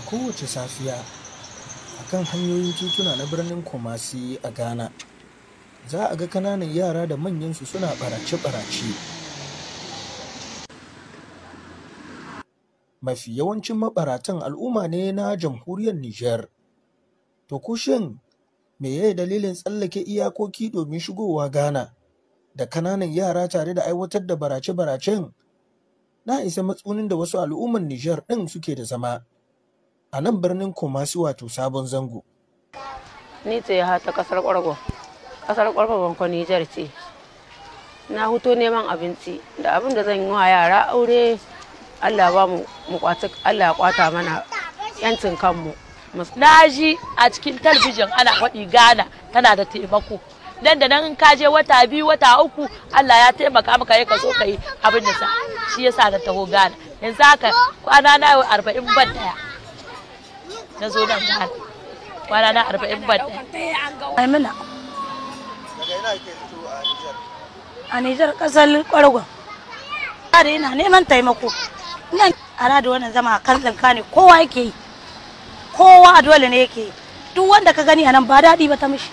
a kowace safiya a kan hanyoyin tituna na birnin Kumasi a Ghana. Za a ga kananan yara da manyansu suna barace-barace. Mafi yawancin mabaratan al'umma ne na jamhuriyar Nijar. To kushin me yayi dalilin tsallake iyakoki domin shigowa Ghana da kananan yara tare da aiwatar da barace-baracen? na isa matsunin da wasu al'umman Nijar ɗin suke da zama. a nan birnin Kumasi wato sabon zango. Ni ce ya ta kasar Kwargo. Kasar Kwargo banko Nijar ce. Na huto neman abinci da abin da zan yi wa yara aure Allah ba mu Allah ya kwata mana yancin kanmu. Na ji a cikin talbijin ana faɗi Ghana tana da taimako. Nan da nan ka je wata biyu wata uku Allah ya taimaka maka ya kaso ka yi abin da sa shi sa da taho Ghana. Yanzu haka kwana na arba'in ban daya. na zo nan jihar kwana na arba'in ban ɗaya. Amina. Daga ina ke fito a Niger A Nijar ƙasar Ƙwargon. Yare na neman taimako. Nan ana da wannan zama kan tsanka ne kowa yake yi. Kowa a dole ne yake yi. Duk wanda ka gani anan ba daɗi ba ta mishi.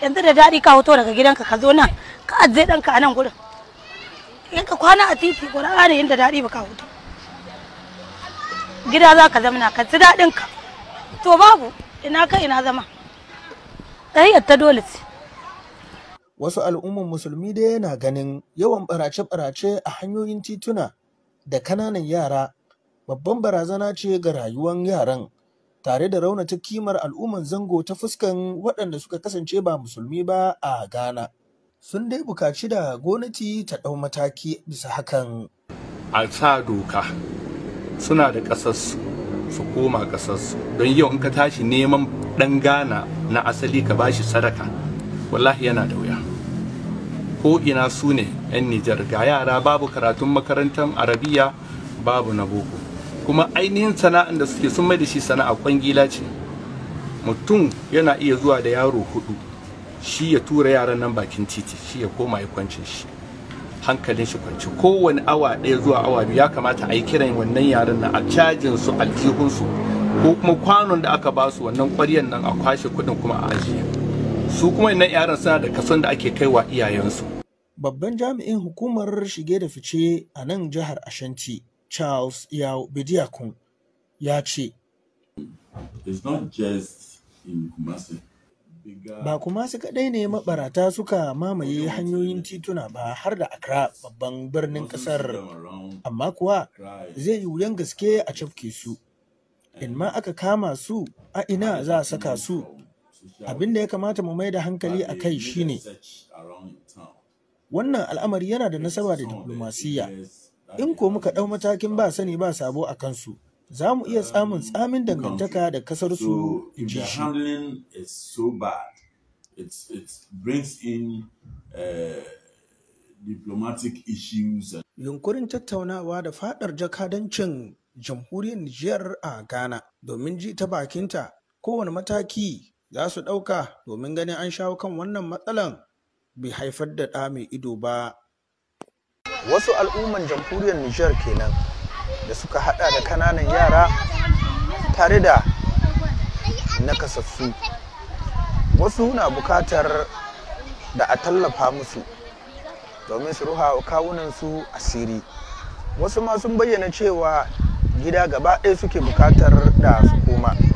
Yanzu da daɗi ka hoto daga gidanka ka zo nan ka ajiye danka a nan gurin. In ka kwana a titi gura ne inda daɗi ba ka hoto. Gida za ka zamana ka ji daɗin ka. to babu ina kai ina zama ɗariyar ta dole ce wasu al'umman musulmi dai yana ganin yawan barace-barace a hanyoyin tituna da kananan yara babban barazana ce ga rayuwar yaran tare da raunata kimar al'umman zango ta fuskan waɗanda suka kasance ba musulmi ba a ghana sun dai bukaci da gwamnati ta ɗau mataki bisa hakan a sa doka suna da ƙasarsu su koma kasarsu don yau in ka tashi neman ɗan gana na asali ka bashi sadaka wallahi yana da wuya ko ina su ne 'yan nijar ga yara babu karatun makarantar arabiya babu na boko kuma ainihin sana'ar da suke sun mai da shi sana'a kwangila ce mutum yana iya zuwa da yaro hudu shi ya tura yaran nan bakin titi shi ya koma ya kwancin shi hankalin shi kwanci kowane awa ɗaya zuwa awa biyu ya kamata a yi kiran wannan yaran nan a cajin su aljihunsu ko kuma kwanon da aka ba su wannan ƙwaryan nan a kwashe kuɗin kuma a ajiye su kuma wannan yaran suna da kason da ake kai wa iyayensu. Babban jami'in hukumar shige da fice a nan jihar Ashanti Charles yau Bidiakun ya ce. It's not just in Kumasi. Ba kuma su kaɗai ne mabarata suka mamaye hanyoyin tituna ba har da Accra babban birnin ƙasar. Amma kuwa zai yi wuyan gaske a cafke su. In ma aka kama su a ina za a saka su. Abin da ya kamata mu mai da hankali a kai shine. Wannan al'amari yana da nasaba da diplomasiya. In ko muka ɗau matakin ba sani ba sabo a kansu. za mu iya samun tsamin dangantaka da kasar su eh, Yunkurin tattaunawa da fadar jakadancin jamhuriyar Nijiyar a Ghana domin ji ta bakinta kowane mataki za su ɗauka domin ganin an shawo kan wannan matsalan bai haifar da ɗa mai ido ba. Wasu al'umman jamhuriyar Nijar kenan da suka hada da kananan yara tare da nakasassu wasu na bukatar da a tallafa musu domin su ruha kawunansu asiri wasu ma sun bayyana cewa gida gaba ɗaya suke bukatar da su koma